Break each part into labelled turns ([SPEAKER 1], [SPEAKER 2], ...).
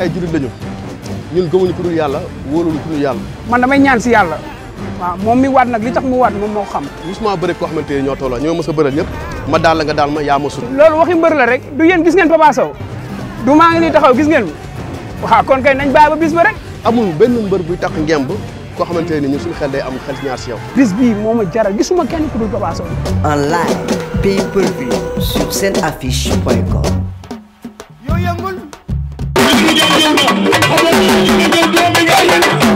[SPEAKER 1] ay jullit lañu ñun gëmuñu ku dul yàlla wóoluñu ku dul yàlla. man damay ñaan si yàlla. waaw moom mi waat nag li tax mu waat moom moo xam. gisuma bëri koo xamante ne ñoo tolloo ñoo mës a bëral ñëpp ma daal la nga ma yaa ma sut. loolu waxi mbër la rek du yéen gis ngeen Papa Sow du taxaw gis ngeen waaw kon kay nañ bàyyi ba bis ba rek. amul benn mbër buy tax ngemb koo xamante ne ñun suñu xel day am xel ñaar si yow. bis bii moo ma jaral gisuma kenn ku dul Papa Sow. seen affiche point Thank you.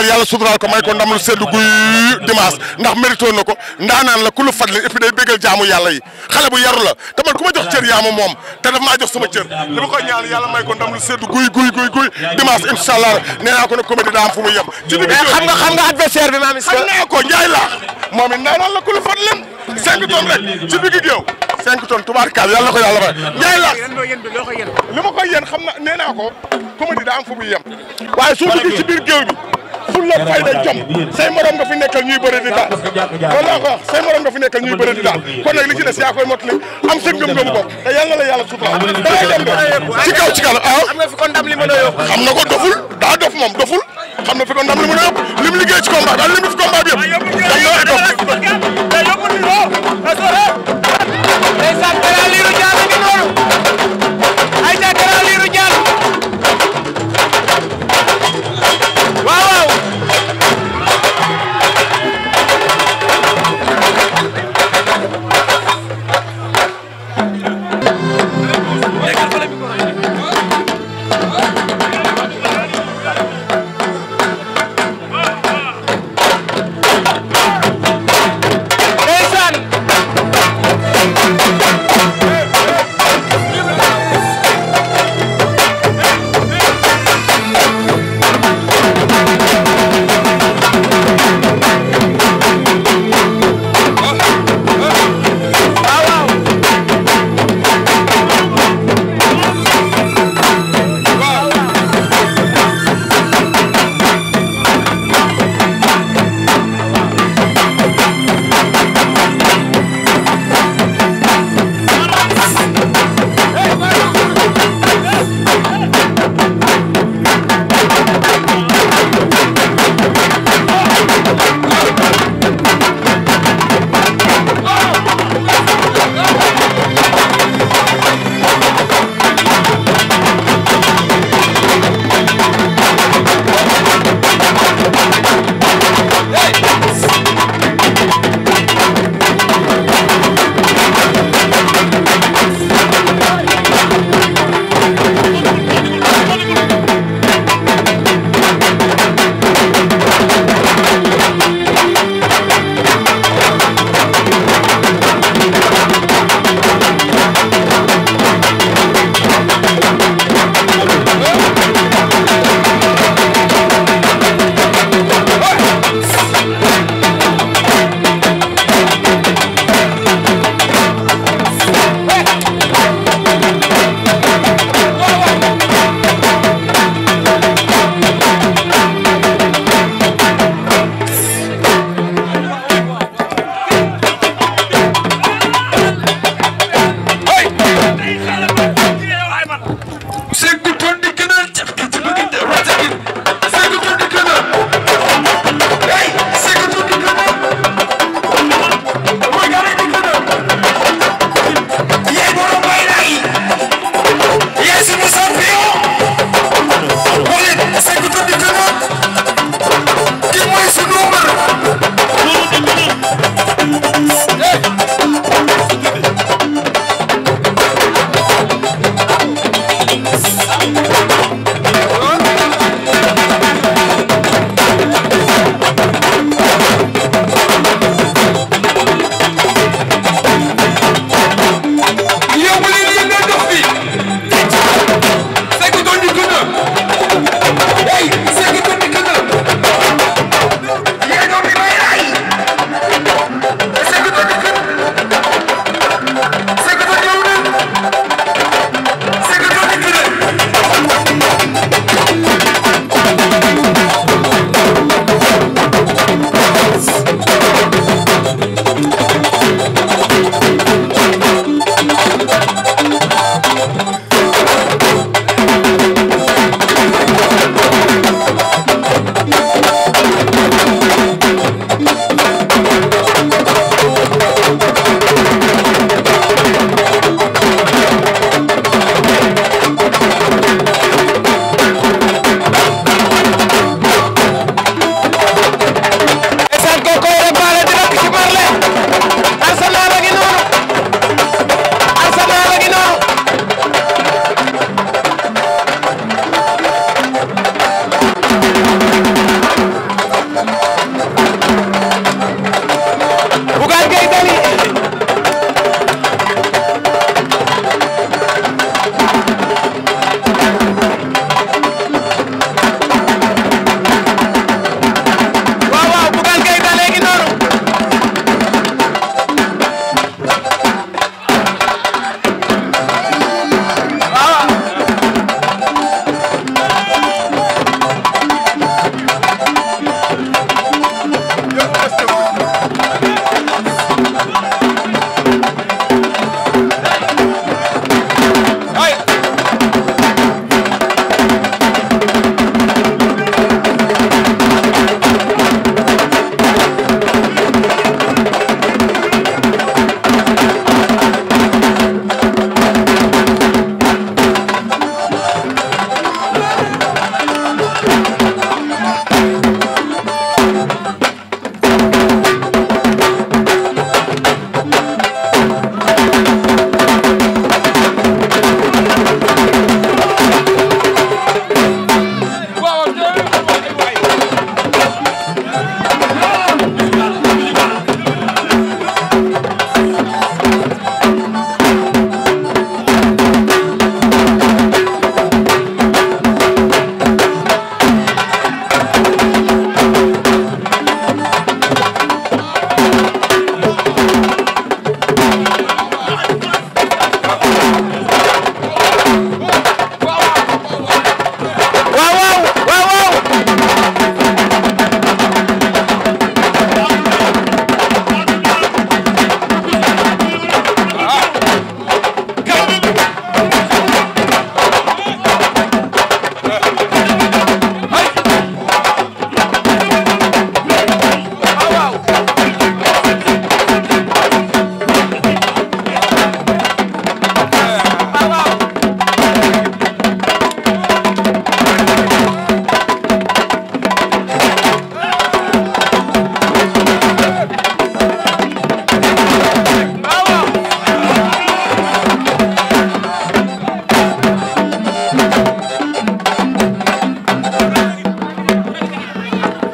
[SPEAKER 1] ñaanal yàlla suturaal ko may ko ndam lu seddu guy dimanche ndax mérito na ko ndaanaan la ku lu fadle et puis day béggal jaamu yàlla yi xale bu yaru la te man ku ma jox cër yaa ma moom te daf maa jox sama cër dama koy ñaan yàlla may ko ndam lu seddu guy guy guy guy dimanche incha allah nee naa ko ne comédie daa am fu mu yem ci digg xam nga xam nga adversaire ko njaay laax ndaanaan la ku lu fadlem rek ci digg géew cinq tonnes tubaarkaal yàlla ko yàlla ma koy yéen fulla fayda jom say morom nga fi nekkal ñuy bëri di daal wala ko wax say morom nga ñuy bëri daal kon nag li ci des yaa koy mot am sa gëm-gëmu bopp te yàlla la yàlla sutura da ngay dem de ci kaw ci kaw ah am nga fi ko ndam li mën a doful daa dof moom doful xam na fi ko ndam li mën a yóbbu liggéey ci combat daal lim ci combat bi yëpp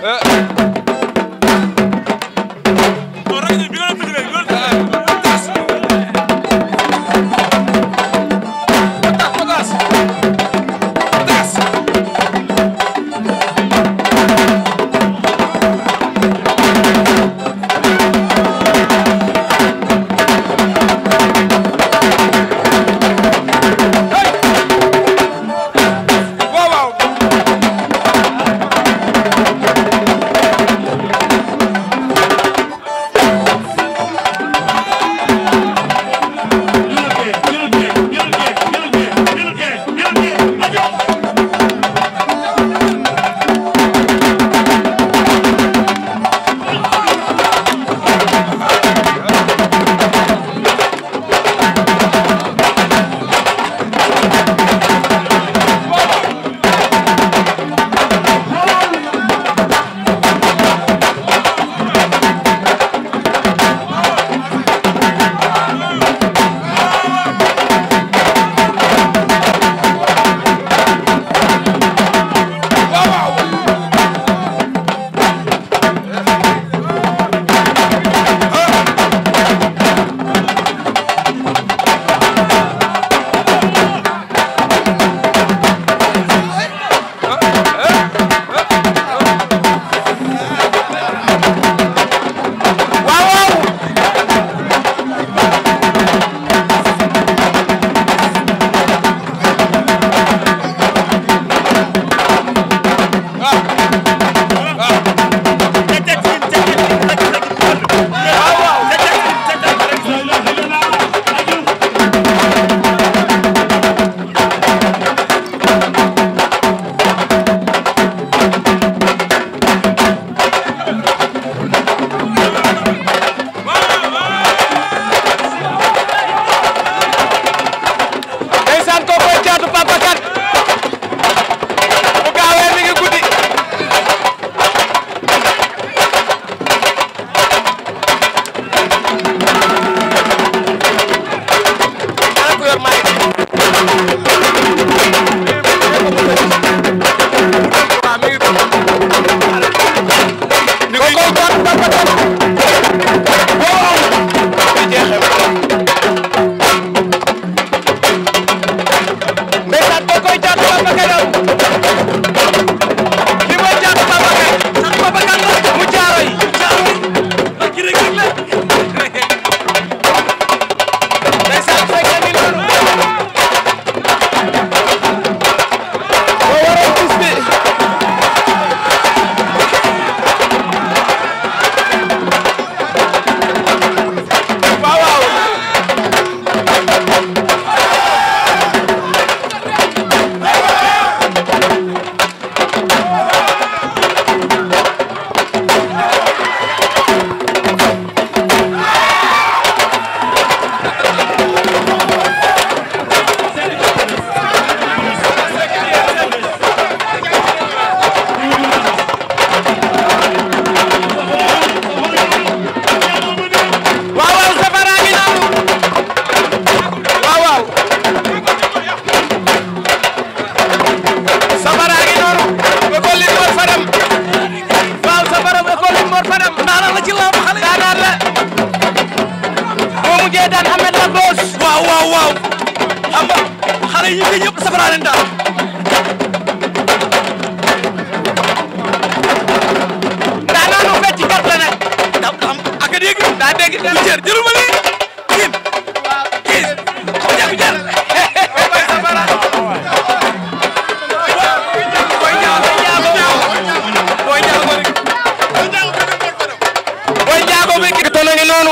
[SPEAKER 1] Uh.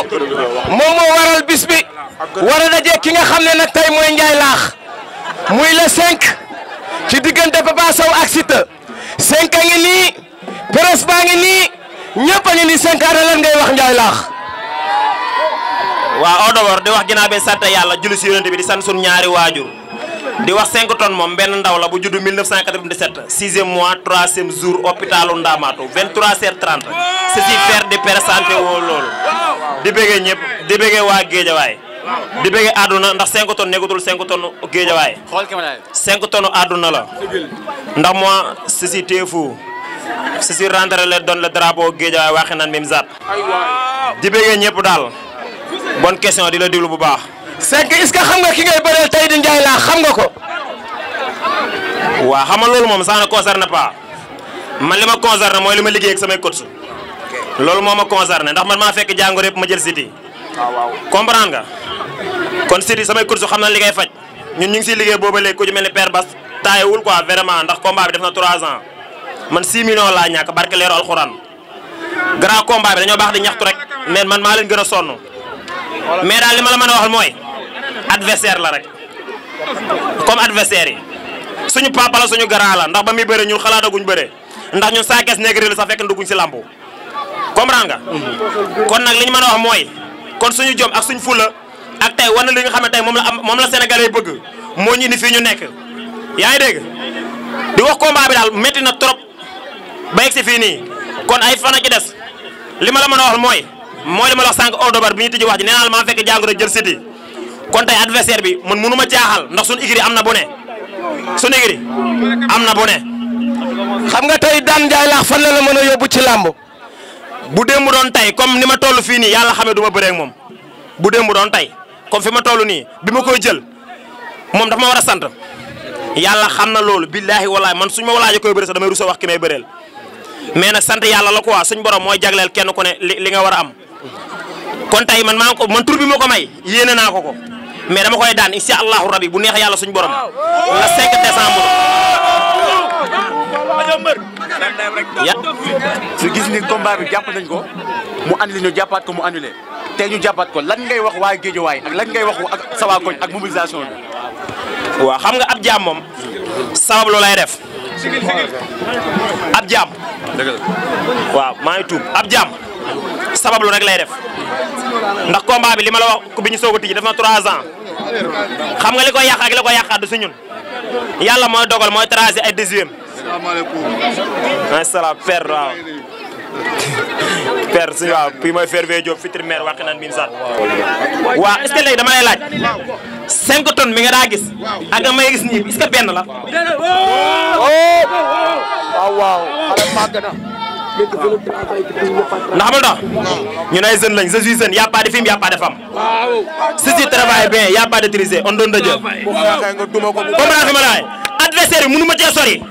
[SPEAKER 1] noonu moom moo waral bis bi war a daje ki nga xam ne nag tey mooy Ndiaye Laax muy le 5 ci diggante Papa Sow ak Siteu 5 ngi nii presse baa ngi nii ñëpp ngi nii 5 ana lan ngay wax Ndiaye Laax. waaw au di wax ginnaaw bi sant yàlla julli si yonent bi di sant ñaari waajur. di wax cinq ton moom benn ndaw la bu judd 1997 sixième mois troisième jour hôpitalu Ndamaatu 23h30 su si faire di présenté woo loolu di bëggee ñëpp di bëggee waa Géejawaay di bëggee àdduna ndax 5 tonnes nekkatul 5 tonnes Géejawaay 5 tonnes àdduna la ndax mois su si teefu su si rentré le doon le drapeau Géejawaay waxi naan mim zat di bëggee ñëpp daal bonne question di la déglu bu baax Seck est-ce xam nga ki ngay bëreel tey di Ndiaye laa xam nga ko. waa xam nga loolu moom sax na concerne pas man li ma concerne mooy li ma liggéey samay coach loolu moom ma concerne ndax man maa fekk jàngoro yëpp ma jël Siteu. Ah, waaw waaw nga kon Siteu samay coach xam na li ngay faj ñun ñu ngi siy liggéey booba léegi ku ci mel ni Père Bas taayewul quoi vraiment ndax combat bi def na 3 ans man 6 millions laa ñàkk barke leeru alxuraan grand combat dañoo baax di ñaxtu rek mais man maa leen gën a sonn mais daal li ma la mën a waxal mooy. adversaire la rek comme adversaire yi suñu papa suñu grand la ndax ba muy bëre ñun xalaataguñ bëre ndax ñun saa kees nekk réel sax fekk nduguñ si lambu comprendre nga. Mhm. kon nag li ñu mën a wax mooy kon suñu jom ak suñu fula ak tey wane li nga xam ne tey moom la am moom la sénégalais bëgg moo ñu indi fii ñu nekk yaa ngi dégg di wax combat bi daal metti na trop ba egsi fii nii kon ay fan a des li ma la mën a wax mooy mooy li ma la wax sànq Odobert bi ñu tijji wax ji jël siti kon tey adversaire bi man mënu ma jaaxal ndax suñu igri am na bu ne igri am na bu xam nga tey daan Ndiaye laax fan la la mën a yóbbu ci làmb bu démb doon tey comme ni ma toll fii nii yàlla xamee du ma moom bu démb doon tey comme fi ma toll nii bi ma koy jël moom dafa ma war a sant yàlla xam na loolu billaahi wallaahi man suñ ma walaajee ko bëri sax damay rusa wax ki may bëreel mais na sant yàlla la quoi suñ borom mooy jagleel kenn ku ne li nga war a am kon tey man maa ko man tur bi ma ko may yéene naa ko ko. mais dama koy daan insha allahu rabi bu neexee yàlla suñu borom la 5 décembre. ya su gis ni combat bi jàpp nañ ko mu annulé ñu jàppaat ko mu annulé tey ñu jàppaat ko lan ngay wax waaye Géejawaay ak lan ngay wax ak sa koñ ak mobilisation bi. waaw xam nga ab jaam moom. sabab loo lay def. ab jaam. waaw maa ngi tuub ab jaam. sabablu rek lay def ndax combat bi li ma la wax ku soog a tijji def na 3 ans xam nga li ko yàq ak li koy si ñun yàlla mooy dogal mooy tracé ay deuxième. salaamaaleykum. asalaam père waaw. père si waaw kii mooy Fervé Diop fitir maire waxi naan min sat waaw est ce que dama lay laaj 5 tonnes mi nga daa gis ak may gis nii est ce que la. Oh! Oh! Oh, ndax ma tax ñun ay jeunes lañ je suis jeune y' a pas de film y' a si tu travailles bien y' a pas de triser mu donne fi ma laay adversaire bi mënu ma cee sori.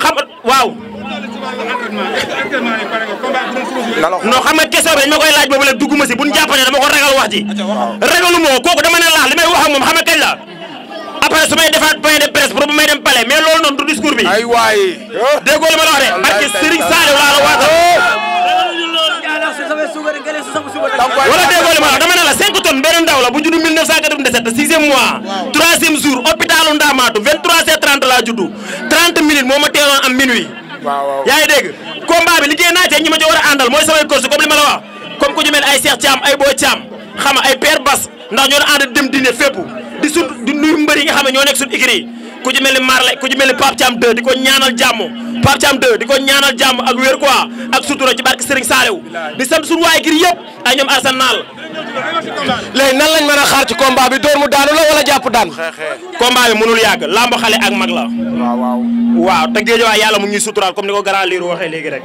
[SPEAKER 1] xam waaw. non xam nga question bi dañ ma koy laaj boobu la dugguma si bu ñu jàpp ne dama ko ragal wax ji. ragalu dama ne laax li may wax moom xam nga kañ après su may defaat point de presse pour bu may dem palais mais loolu noonu du discours bi. ay li ma la wax de. parce que Serigne Saliou laa la waatal. wala li ma la wax dama ne la 5 tonnes benn ndaw la bu juddu 1997 sixième mois. troisième jour hôpitalu Ndamaatu 23h30 laa juddu 30 minutes moo ma teeloon am minuit. waaw waaw yaa ngi bi liggéey naa ci ñi ma ci war a àndal mooy samay course comme li ma la wax comme ndax ñoo doon ànd dem dîner fépp di sun di nuyu mbër yi nga xam ne ñoo nekk suñu écurie ku ci mel ni Marley ku ci mel ni Pape Thiam 2 di ko ñaanal jàmm Pape Thiam 2 di ko ñaanal jàmm ak wér quoi ak sutura ci barke Serigne Saliou di sant suñu waa écurie yëpp ay ñoom Arsan Naal. léegi nan lañ mën a xaar ci combat bi door mu daanu la wala jàpp daan. combat bi mënul yàgg lamb xale ak mag la. waaw waaw waaw te géej waay yàlla mu ngi suturaal comme ni ko grand liir waxee léegi rek.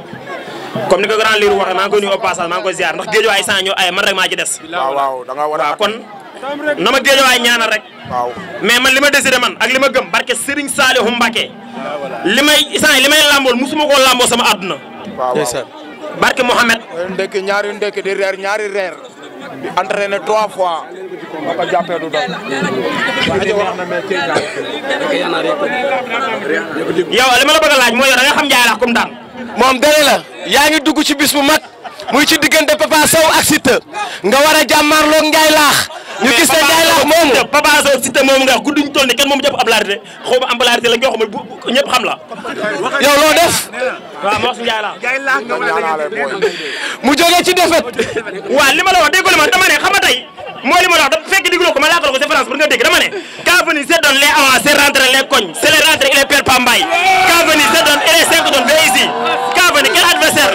[SPEAKER 1] comme ni ko grand liir waxee maa ngi koy nuyu au ndax géejawaay sans ñu ay man rek maa ci des. waaw waaw da nga war a kon na ma géejawaay ñaanal rek. waaw mais man li ma décidé man ak li ma gëm barke Serigne Saliou Mbacké. li may isaan li may làmbool musuma koo làmboo sama àdduna. waaw barke Mouhamed. ndekki ñaari ndekki di reer ñaari reer. di entraîné trois fois. ba ko jàppee du yow li ma la a laaj mooy yow da nga xam Ndiaye la comme daan. moom dëgg yaa ngi dugg ci bis bu mag muy ci diggante Papa Sow ak Siteu nga war a jàmmarloog Ndiaye laax. ñu gis ne Ndiaye laax moomu Papa Sow Siteu moomu nga wax gudduñ toll nii kenn moom jàpp ab laarite xaw ma am la bu ñëpp xam la. yow loo def. mu jógee ci defet. waaw li ma la wax dégg li ma dama ne xam nga tey mooy li ma la ko ma laatal ko ci France pour nga dégg dama ne. quand venu se donne les avants c'est rentré les cognes c'est les rentrées il est père Pambaye quand venu se donne adversaire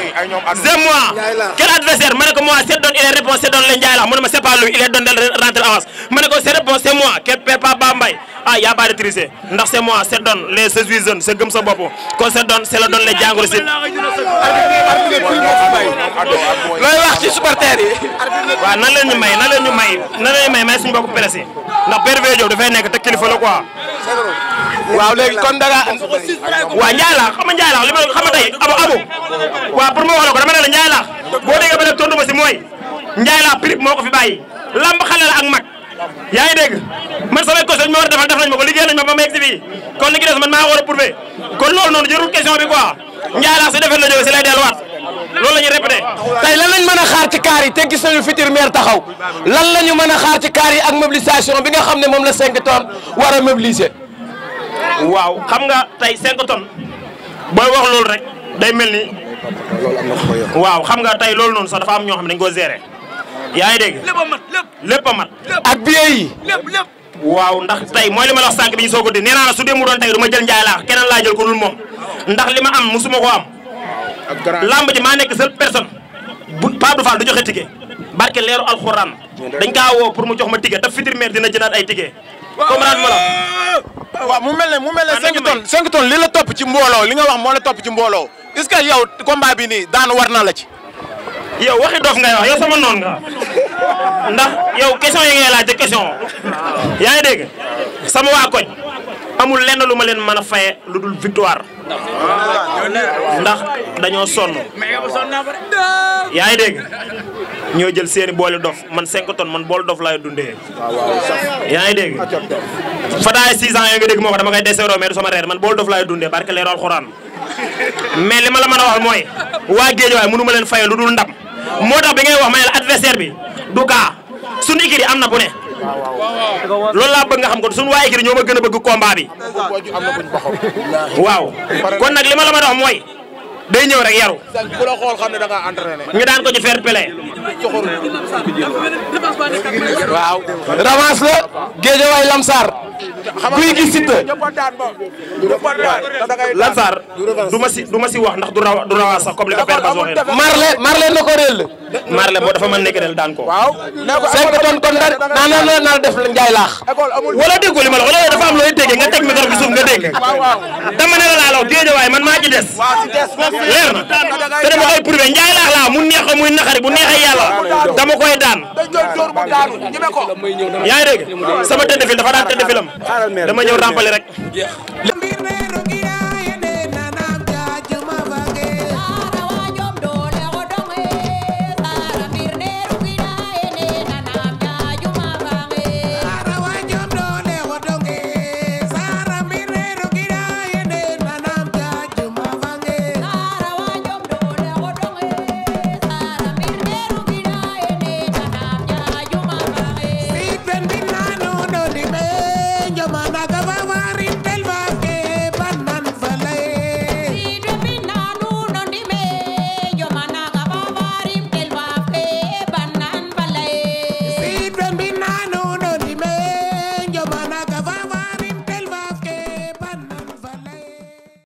[SPEAKER 1] adversaire ma ne ko moi c'est donne il est réponse c'est donne le Ndiaye la mu ne ma c'est pas lui il est donne rentre avance ma ne ko c'est réponse c'est moi quel papa Bambay ah y a pas de tricher ndax c'est se jeunes c'est gëm sa bopp kon c'est donne looy wax ci yi waaw nan leen ñu may nan leen ñu may nan leen ñu may may suñu bopp presse ndax Père nekk te kilifa la quoi waaw léegi kon da nga waaw Ndiaye li ma nga tey abu la ko dama boo déggee ba léegi tontu ma si mooy Ndiaye laax prix moo ko fi bàyyi lamb xale la ak mag yaa ngi dégg man samay cos lañ ma war a defal def nañ ko liggéey nañ ma ba ma egg si fii kon li ki des man maa war a prouvé noonu jërul question bi a xaar ci a xaar ci kaar yi ak bi nga xam ne moom la 5 tonnes war a waaw xam nga tey 5 tonnes booy wax loolu rek day mel ni. waaw xam nga tey loolu noonu sax dafa am ñoo xam ne dañu ko gérer. yaa ngi dégg lépp a mat lépp a mat. ak billet yi. lépp lépp. waaw ndax tey mooy li ma la wax sànq bi ñu soog nee naa la su dee mu doon tey du ma jël njaay laax keneen laa jël ko dul moom ndax li ma am suma ko am. lamb ji maa nekk seule personne bu Pape Abdou Fall du joxe ticket barke leeru alxuraan dañ kaa woo pour mu jox ma ticket te fitir meer dina jënaat ay ticket. comprendre ma la. mu mel ne mu mel ne 5 ah, tonnes 5 tonnes li la topp ci mbooloo li nga wax moo la topp ci mbooloo est-ce que yow combat bi nii daan war na la ci. yow waxi dof nga wax yow sama noon nga ndax yow question yi ngay laajte question yaa ngi dégg sama waa koñ amul lenn lu ma leen man a faye lu dul victoire ndax dañoo sonn yaa ngi dégg ñoo jël seeni boole dof man 5 tonnes man boolu dof laay dundee. waaw waaw sax yaa ngi dégg. fataay 6 ans yooyu nga dégg moo ko dama koy deseeroo mais du sama reer man boolu dof laay dundee barke leeral xuraan mais li ma la mën a wax mooy waa géej waaye mënu ma leen fayal lu dul ndam moo tax bi ngay wax ma ne la bi du kaa suñu écurie am na ku ne. loolu laa bëgg nga xam ko suñu waa écurie ñoo ma gën a bëgg combat bi. waaw kon nag li ma la mën a wax mooy day ñëw rek yaru. ku la xool da ngaa entraîné. ñu daan ko ci waaw revanche la Géejawaay Lamsar guy gi Siteu Lamsar du ma si du ma si wax ndax du raw du rawaas sax comme li ko père Bass waxee marle ko réel Marley boo dafa mën nekk del daan ko waaw cinq tonnes kon daan naa naa naa def njaay laax wala déggoo li ma la wala dafa am looy déggee nga teg micro bi suuf nga dégg dama ne la laa law géejawaay man maa ci des leer na te dama koy prouvé njaay laax laa mu neex a muy naxari bu neexee yàlla dama koy daan yaa ngi dégg sama tëdd fil dafa daan tëdd filam dama ñëw rampali rek